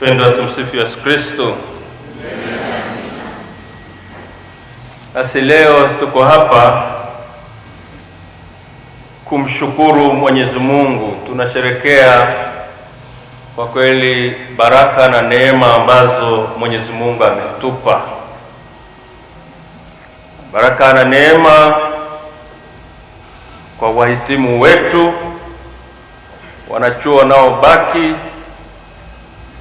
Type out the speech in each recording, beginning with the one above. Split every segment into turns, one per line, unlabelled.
Pendwa, tumsifu Yesu Kristo. basi leo tuko hapa kumshukuru Mwenyezi Mungu. Tunasherekea kwa kweli baraka na neema ambazo Mwenyezi Mungu ametupa, baraka na neema kwa wahitimu wetu, wanachuo wanaobaki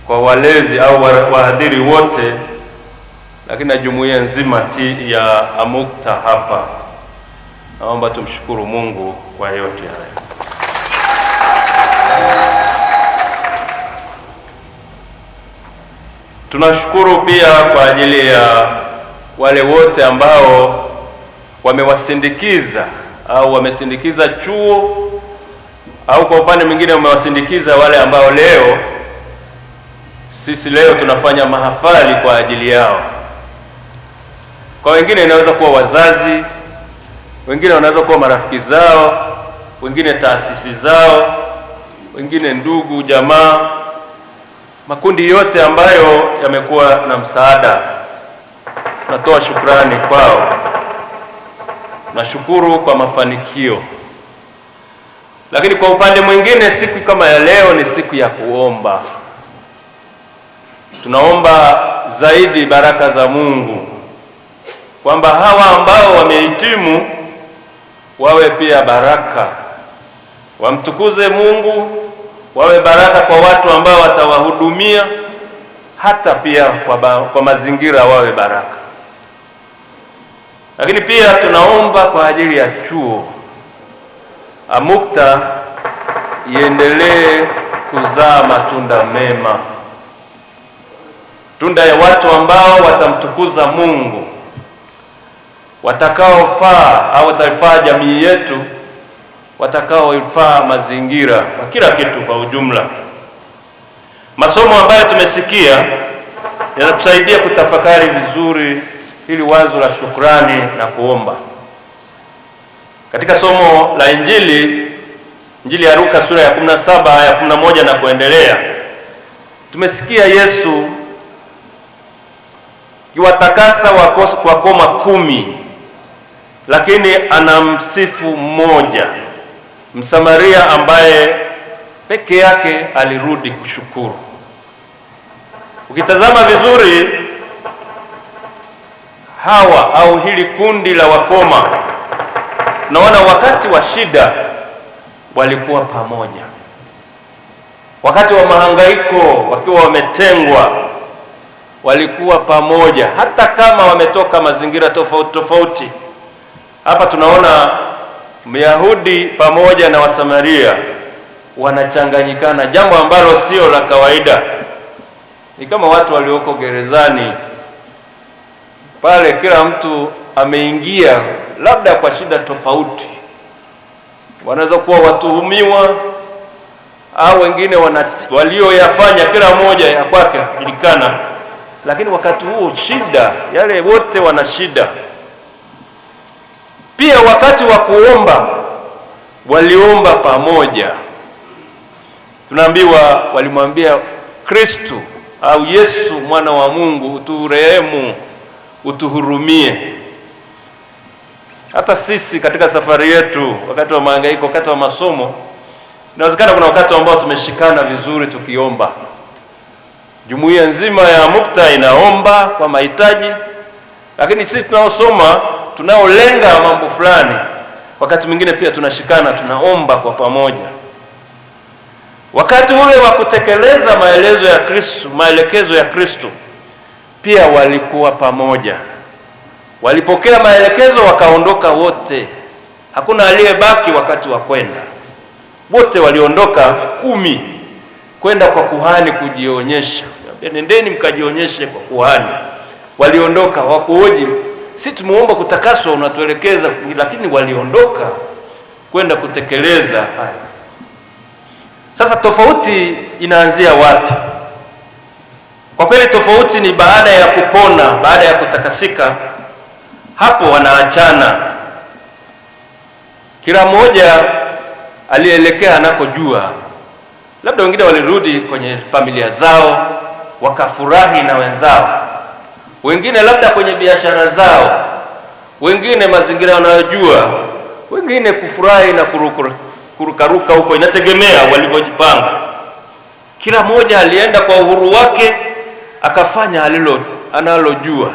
kwa walezi au wahadhiri wote, lakini na jumuiya nzima ti ya AMUCTA hapa. Naomba tumshukuru Mungu kwa yote haya. Tunashukuru pia kwa ajili ya wale wote ambao wamewasindikiza au wamesindikiza chuo au kwa upande mwingine wamewasindikiza wale ambao leo sisi leo tunafanya mahafali kwa ajili yao. Kwa wengine inaweza kuwa wazazi, wengine wanaweza kuwa marafiki zao, wengine taasisi zao, wengine ndugu jamaa, makundi yote ambayo yamekuwa na msaada, natoa shukrani kwao. Nashukuru kwa mafanikio, lakini kwa upande mwingine, siku kama ya leo ni siku ya kuomba. Tunaomba zaidi baraka za Mungu kwamba hawa ambao wamehitimu wawe pia baraka, wamtukuze Mungu, wawe baraka kwa watu ambao watawahudumia, hata pia kwa, ba, kwa mazingira wawe baraka. Lakini pia tunaomba kwa ajili ya chuo AMUCTA iendelee kuzaa matunda mema tunda ya watu ambao watamtukuza Mungu, watakaofaa au wataifaa jamii yetu, watakaoifaa mazingira kwa kila kitu kwa ujumla. Masomo ambayo tumesikia yanatusaidia kutafakari vizuri hili wazo la shukrani na kuomba. Katika somo la Injili, Injili ya Luka sura ya 17 aya 11 na kuendelea, tumesikia Yesu kiwatakasa kwa koma kumi, lakini anamsifu mmoja Msamaria ambaye peke yake alirudi kushukuru. Ukitazama vizuri hawa au hili kundi la wakoma, naona wakati wa shida walikuwa pamoja, wakati wa mahangaiko wakiwa wametengwa walikuwa pamoja, hata kama wametoka mazingira tofauti tofauti. Hapa tunaona Myahudi pamoja na Wasamaria wanachanganyikana, jambo ambalo sio la kawaida. Ni kama watu walioko gerezani pale, kila mtu ameingia labda kwa shida tofauti. Wanaweza kuwa watuhumiwa au wengine walioyafanya, kila mmoja ya kwake ajulikana lakini wakati huo shida yale wote wana shida pia. Wakati wa kuomba waliomba pamoja, tunaambiwa walimwambia Kristu au Yesu mwana wa Mungu, uturehemu, utuhurumie. Hata sisi katika safari yetu, wakati wa mahangaiko, wakati wa masomo, inawezekana kuna wakati ambao tumeshikana vizuri tukiomba jumuiya nzima ya mukta inaomba kwa mahitaji, lakini sisi tunaosoma tunaolenga mambo fulani, wakati mwingine pia tunashikana, tunaomba kwa pamoja. Wakati ule wa kutekeleza maelezo ya Kristo, maelekezo ya Kristo, pia walikuwa pamoja, walipokea maelekezo wakaondoka wote, hakuna aliyebaki wakati wa kwenda. Wote waliondoka kumi kwenda kwa kuhani kujionyesha Yaani, nendeni mkajionyeshe kwa kuhani. Waliondoka wakuoji, si tumeomba kutakaswa, unatuelekeza lakini waliondoka kwenda kutekeleza haya. Sasa tofauti inaanzia wapi? Kwa kweli tofauti ni baada ya kupona, baada ya kutakasika, hapo wanaachana, kila mmoja alielekea anakojua. Labda wengine walirudi kwenye familia zao, wakafurahi na wenzao, wengine labda kwenye biashara zao, wengine mazingira wanayojua, wengine kufurahi na kurukaruka huko, inategemea walivyojipanga. Kila mmoja alienda kwa uhuru wake akafanya alilo analojua,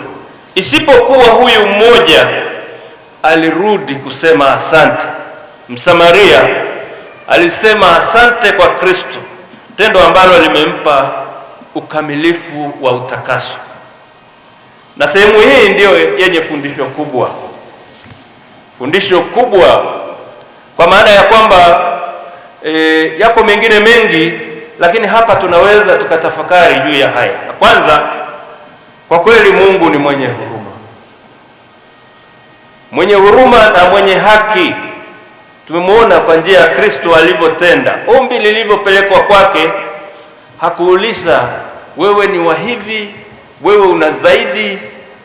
isipokuwa huyu mmoja alirudi kusema asante. Msamaria alisema asante kwa Kristo, tendo ambalo limempa ukamilifu wa utakaso, na sehemu hii ndiyo yenye fundisho kubwa, fundisho kubwa kwa maana ya kwamba e, yapo mengine mengi, lakini hapa tunaweza tukatafakari juu ya haya. Kwanza, kwa kweli Mungu ni mwenye huruma, mwenye huruma na mwenye haki. Tumemwona kwa njia ya Kristo alivyotenda, ombi lilivyopelekwa kwake hakuuliza wewe ni wa hivi, wewe una zaidi.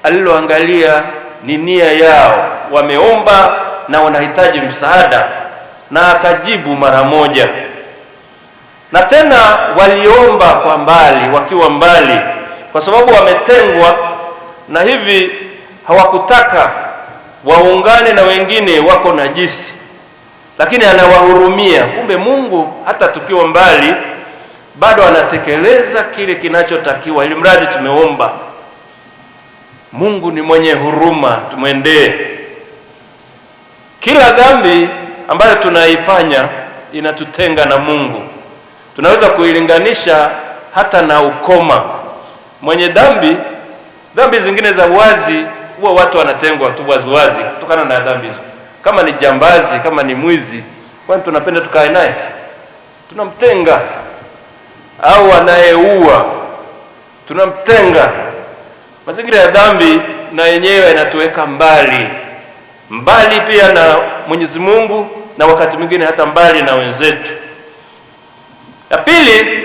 Aliloangalia ni nia yao, wameomba na wanahitaji msaada, na akajibu mara moja. Na tena waliomba kwa mbali, wakiwa mbali, kwa sababu wametengwa, na hivi hawakutaka waungane na wengine wako najisi, lakini anawahurumia. Kumbe Mungu hata tukiwa mbali bado anatekeleza kile kinachotakiwa, ili mradi tumeomba. Mungu ni mwenye huruma, tumwendee. Kila dhambi ambayo tunaifanya inatutenga na Mungu, tunaweza kuilinganisha hata na ukoma. Mwenye dhambi, dhambi zingine za wazi huwa watu wanatengwa tu waziwazi kutokana na dhambi hizo. Kama ni jambazi, kama ni mwizi, kwani tunapenda tukae naye? Tunamtenga au anayeua tunamtenga. Mazingira ya dhambi na yenyewe yanatuweka mbali mbali pia na Mwenyezi Mungu na wakati mwingine hata mbali na wenzetu. La pili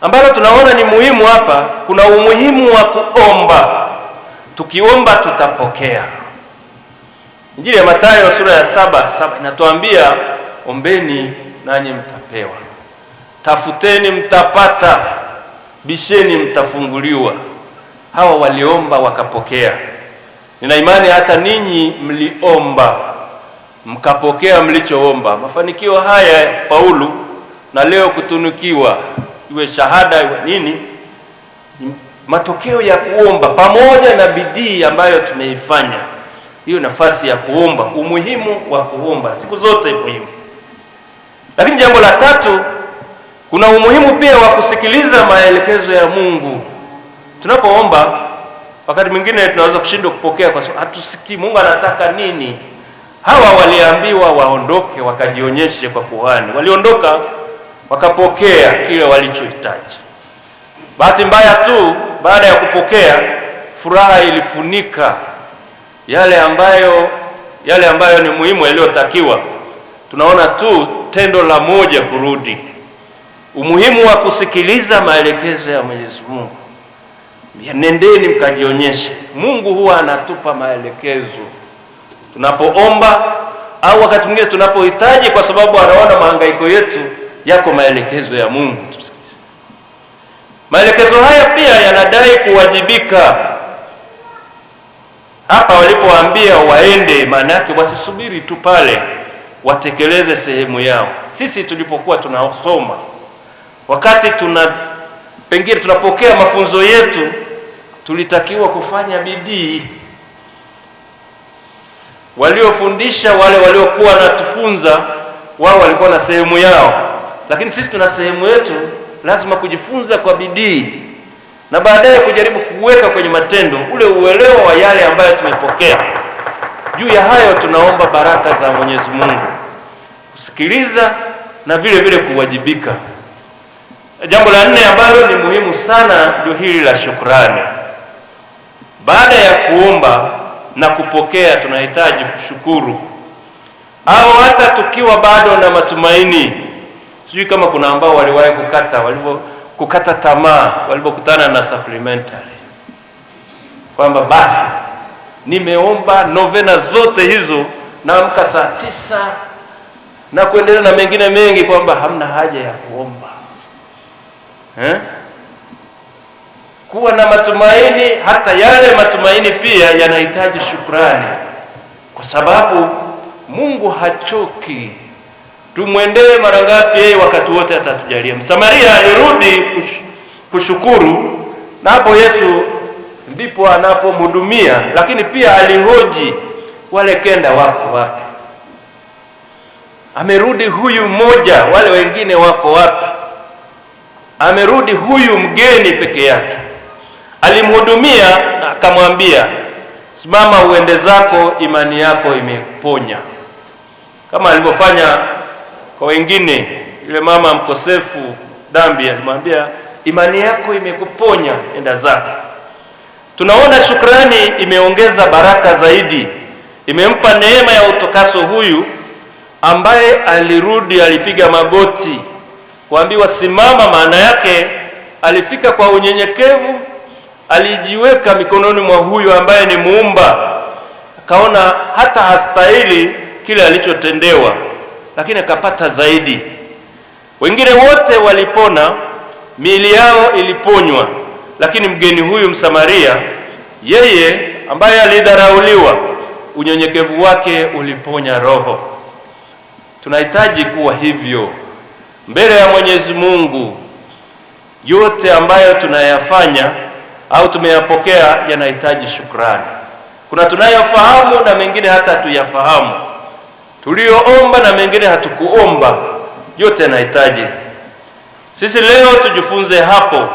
ambalo tunaona ni muhimu hapa, kuna umuhimu wa kuomba. Tukiomba tutapokea. Injili ya Mathayo sura ya saba saba inatuambia ombeni nanyi mtapewa tafuteni mtapata, bisheni mtafunguliwa. Hawa waliomba wakapokea. Nina imani hata ninyi mliomba mkapokea mlichoomba. Mafanikio haya faulu na leo kutunukiwa, iwe shahada iwe nini, matokeo ya kuomba pamoja na bidii ambayo tumeifanya. Hiyo nafasi ya kuomba, umuhimu wa kuomba siku zote muhimu. Lakini jambo la tatu kuna umuhimu pia wa kusikiliza maelekezo ya Mungu. Tunapoomba wakati mwingine tunaweza kushindwa kupokea kwa sababu hatusikii Mungu anataka nini. Hawa waliambiwa waondoke, wakajionyeshe kwa kuhani. Waliondoka wakapokea kile walichohitaji. Bahati mbaya tu, baada ya kupokea, furaha ilifunika yale ambayo yale ambayo ni muhimu yaliyotakiwa. Tunaona tu tendo la moja kurudi umuhimu wa kusikiliza maelekezo ya Mwenyezi Mungu. Nendeni mkajionyeshe. Mungu huwa anatupa maelekezo tunapoomba au wakati mwingine tunapohitaji, kwa sababu anaona mahangaiko yetu. Yako maelekezo ya Mungu. Maelekezo haya pia yanadai kuwajibika. Hapa walipoambia waende, maana yake wasisubiri tu pale, watekeleze sehemu yao. Sisi tulipokuwa tunasoma Wakati tuna pengine tunapokea mafunzo yetu, tulitakiwa kufanya bidii. Waliofundisha wale waliokuwa natufunza wao walikuwa na sehemu yao, lakini sisi tuna sehemu yetu, lazima kujifunza kwa bidii na baadaye kujaribu kuweka kwenye matendo ule uelewa wa yale ambayo tumepokea. Juu ya hayo, tunaomba baraka za Mwenyezi Mungu kusikiliza na vile vile kuwajibika. Jambo la nne ambalo ni muhimu sana ndio hili la shukrani. Baada ya kuomba na kupokea, tunahitaji kushukuru, au hata tukiwa bado na matumaini. Sijui kama kuna ambao waliwahi kukata walivyo kukata tamaa walipokutana na supplementary kwamba basi nimeomba novena zote hizo, naamka saa tisa na kuendelea na mengine mengi, kwamba hamna haja ya kuomba eh? Kuwa na matumaini, hata yale matumaini pia yanahitaji shukrani, kwa sababu Mungu hachoki. Tumwendee mara ngapi? Yeye wakati wote atatujalia. Msamaria alirudi kushukuru, na hapo Yesu ndipo anapomhudumia, lakini pia alihoji wale kenda wako wapi? Amerudi huyu mmoja, wale wengine wako wapi? amerudi huyu mgeni peke yake, alimhudumia akamwambia, simama uende zako, imani yako imeponya, kama alivyofanya kwa wengine. Yule mama mkosefu dhambi alimwambia, imani yako imekuponya, enda zako. Tunaona shukrani imeongeza baraka zaidi, imempa neema ya utokaso huyu ambaye alirudi, alipiga magoti kuambiwa simama, maana yake alifika kwa unyenyekevu, alijiweka mikononi mwa huyo ambaye ni muumba, akaona hata hastahili kile alichotendewa, lakini akapata zaidi. Wengine wote walipona, miili yao iliponywa, lakini mgeni huyu Msamaria, yeye ambaye alidharauliwa, unyenyekevu wake uliponya roho. Tunahitaji kuwa hivyo mbele ya Mwenyezi Mungu, yote ambayo tunayafanya au tumeyapokea yanahitaji shukrani. Kuna tunayofahamu na mengine hata hatuyafahamu, tulioomba na mengine hatukuomba, yote yanahitaji. Sisi leo tujifunze hapo,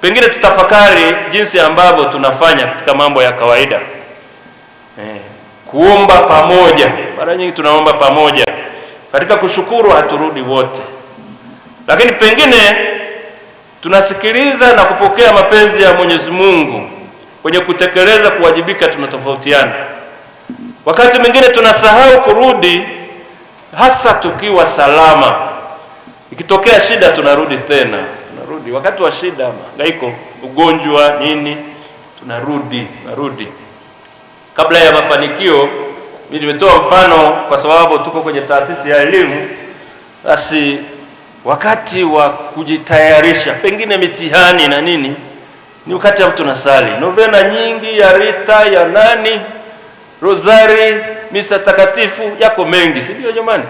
pengine tutafakari jinsi ambavyo tunafanya katika mambo ya kawaida eh, kuomba pamoja. Mara nyingi tunaomba pamoja, katika kushukuru haturudi wote lakini pengine tunasikiliza na kupokea mapenzi ya Mwenyezi Mungu, kwenye kutekeleza kuwajibika tunatofautiana. Wakati mwingine tunasahau kurudi, hasa tukiwa salama. Ikitokea shida, tunarudi tena, tunarudi wakati wa shida, mahangaiko, ugonjwa, nini, tunarudi tunarudi kabla ya mafanikio. Mimi nimetoa mfano kwa sababu tuko kwenye taasisi ya elimu, basi wakati wa kujitayarisha pengine mitihani na nini, ni wakati ya mtu nasali novena nyingi ya Rita ya nani, Rozari, misa takatifu, yako mengi, si ndio jamani?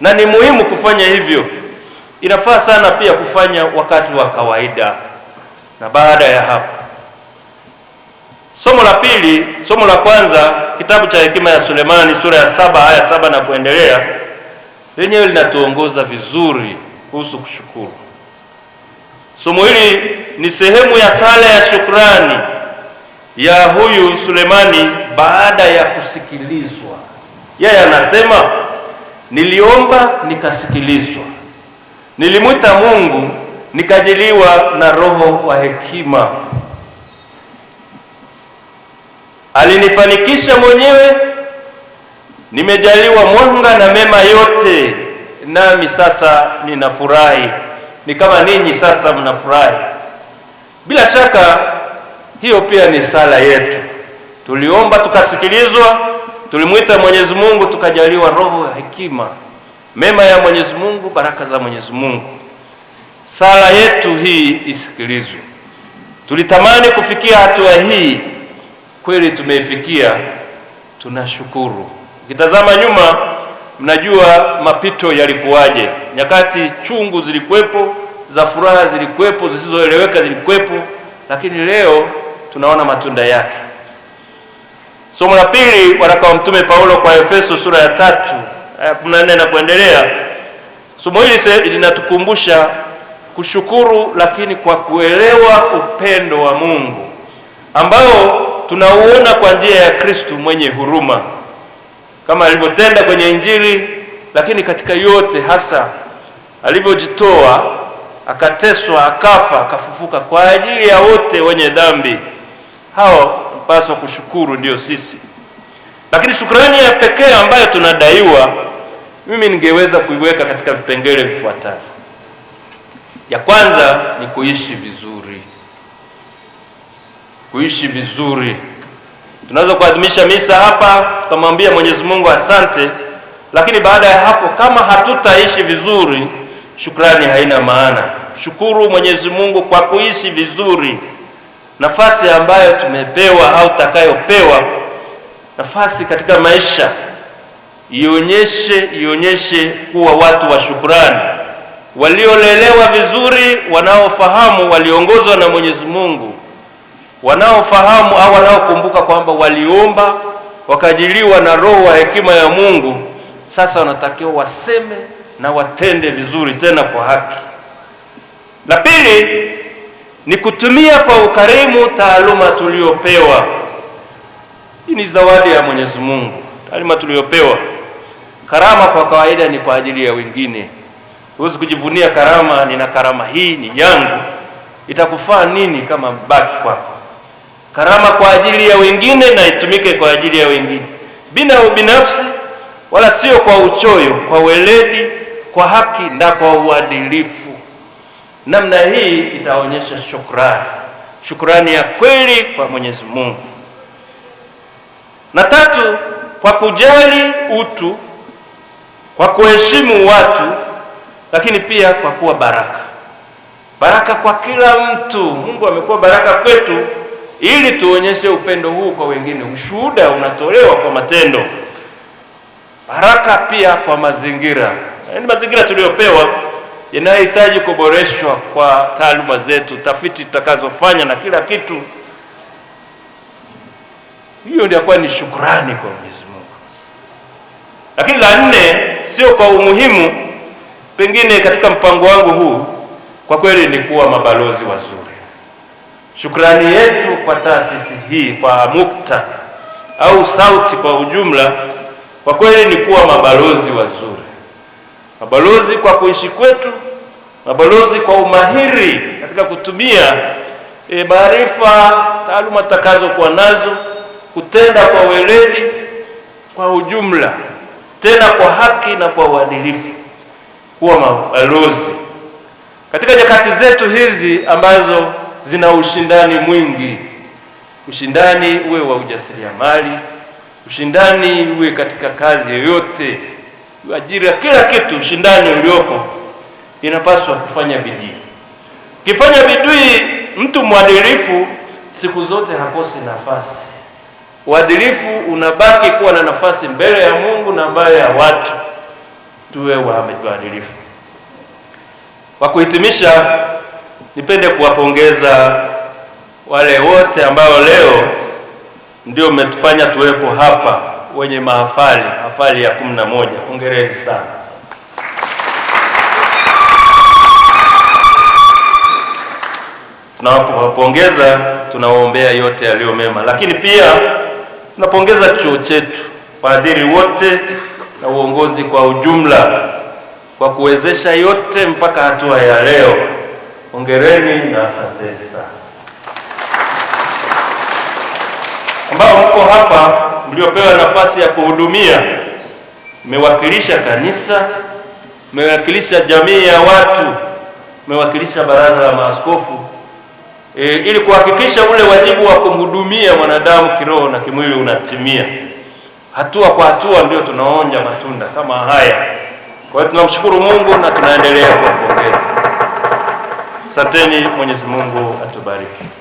Na ni muhimu kufanya hivyo. Inafaa sana pia kufanya wakati wa kawaida na baada ya hapo. Somo la pili, somo la kwanza, kitabu cha Hekima ya Sulemani sura ya saba aya saba na kuendelea, lenyewe linatuongoza vizuri kuhusu kushukuru. Somo hili ni sehemu ya sala ya shukrani ya huyu Sulemani baada ya kusikilizwa. Yeye anasema niliomba, nikasikilizwa, nilimwita Mungu, nikajiliwa na roho wa hekima, alinifanikisha mwenyewe, nimejaliwa mwanga na mema yote nami sasa ninafurahi, ni kama ninyi sasa mnafurahi. Bila shaka hiyo pia ni sala yetu. Tuliomba tukasikilizwa, tulimwita Mwenyezi Mungu tukajaliwa roho ya hekima, mema ya Mwenyezi Mungu, baraka za Mwenyezi Mungu. Sala yetu hii isikilizwe. Tulitamani kufikia hatua hii, kweli tumeifikia, tunashukuru. Ukitazama nyuma Mnajua mapito yalikuwaje, nyakati chungu zilikuwepo, za furaha zilikuwepo, zisizoeleweka zilikuwepo, lakini leo tunaona matunda yake. Somo la pili, waraka wa Mtume Paulo kwa Efeso sura ya tatu aya kumi na nne na kuendelea. Somo hili linatukumbusha kushukuru, lakini kwa kuelewa upendo wa Mungu ambao tunauona kwa njia ya Kristu mwenye huruma kama alivyotenda kwenye Injili, lakini katika yote hasa alivyojitoa akateswa, akafa, akafufuka kwa ajili ya wote wenye dhambi. Hao mpaswa kushukuru, ndiyo sisi. Lakini shukrani ya pekee ambayo tunadaiwa, mimi ningeweza kuiweka katika vipengele vifuatavyo. Ya kwanza ni kuishi vizuri, kuishi vizuri Tunaweza kuadhimisha misa hapa tukamwambia Mwenyezi Mungu asante, lakini baada ya hapo kama hatutaishi vizuri, shukrani haina maana. Shukuru Mwenyezi Mungu kwa kuishi vizuri, nafasi ambayo tumepewa au takayopewa nafasi katika maisha ionyeshe ionyeshe kuwa watu wa shukrani, waliolelewa vizuri, wanaofahamu, waliongozwa na Mwenyezi Mungu wanaofahamu au wanaokumbuka kwamba waliomba wakajiliwa na roho wa hekima ya Mungu, sasa wanatakiwa waseme na watende vizuri, tena kwa haki. La pili ni kutumia kwa ukarimu taaluma tuliyopewa. Hii ni zawadi ya Mwenyezi Mungu, taaluma tuliyopewa. Karama kwa kawaida ni kwa ajili ya wengine. Huwezi kujivunia karama, nina karama hii, ni yangu. Itakufaa nini kama baki kwako? karama kwa ajili ya wengine na itumike kwa ajili ya wengine bina ubinafsi, wala sio kwa uchoyo, kwa weledi, kwa haki na kwa uadilifu. Namna hii itaonyesha shukrani, shukrani ya kweli kwa Mwenyezi Mungu. Na tatu, kwa kujali utu, kwa kuheshimu watu, lakini pia kwa kuwa baraka, baraka kwa kila mtu. Mungu amekuwa baraka kwetu ili tuonyeshe upendo huu kwa wengine. Ushuhuda unatolewa kwa matendo, baraka pia kwa mazingira. Yaani mazingira tuliyopewa yanayohitaji kuboreshwa kwa taaluma zetu, tafiti tutakazofanya na kila kitu. Hiyo ndio kwa ni shukrani kwa Mwenyezi Mungu. Lakini la nne, sio kwa umuhimu, pengine katika mpango wangu huu, kwa kweli ni kuwa mabalozi wazuri Shukrani yetu kwa taasisi hii kwa mukta au SAUT kwa ujumla, kwa kweli ni kuwa mabalozi wazuri, mabalozi kwa kuishi kwetu, mabalozi kwa umahiri katika kutumia e, maarifa, taaluma tutakazokuwa nazo kutenda kwa weledi, kwa ujumla, tena kwa haki na kwa uadilifu, kuwa mabalozi katika nyakati zetu hizi ambazo zina ushindani mwingi. Ushindani uwe wa ujasiriamali, ushindani uwe katika kazi yoyote, ajira, kila kitu, ushindani uliopo, inapaswa kufanya bidii. Kifanya bidii, mtu mwadilifu siku zote hakosi nafasi. Uadilifu unabaki kuwa na nafasi mbele ya Mungu na mbele ya watu. Tuwe waadilifu. Kwa kuhitimisha Nipende kuwapongeza wale wote ambao leo ndio mmetufanya tuwepo hapa wenye mahafali, hafali ya kumi na moja. Hongereni sana. Tunawapongeza, tunawaombea yote yaliyo mema, lakini pia tunapongeza chuo chetu, wahadhiri wote na uongozi kwa ujumla, kwa kuwezesha yote mpaka hatua ya leo. Hongereni na asanteni sana ambao mko hapa mliopewa nafasi ya kuhudumia. Mmewakilisha kanisa, mmewakilisha jamii ya watu, mmewakilisha baraza la maaskofu e, ili kuhakikisha ule wajibu wa kumhudumia mwanadamu kiroho na kimwili unatimia. Hatua kwa hatua ndio tunaonja matunda kama haya. Kwa hiyo tunamshukuru Mungu na tunaendelea kuwapongeza Asanteni, Mwenyezi Mungu atubariki.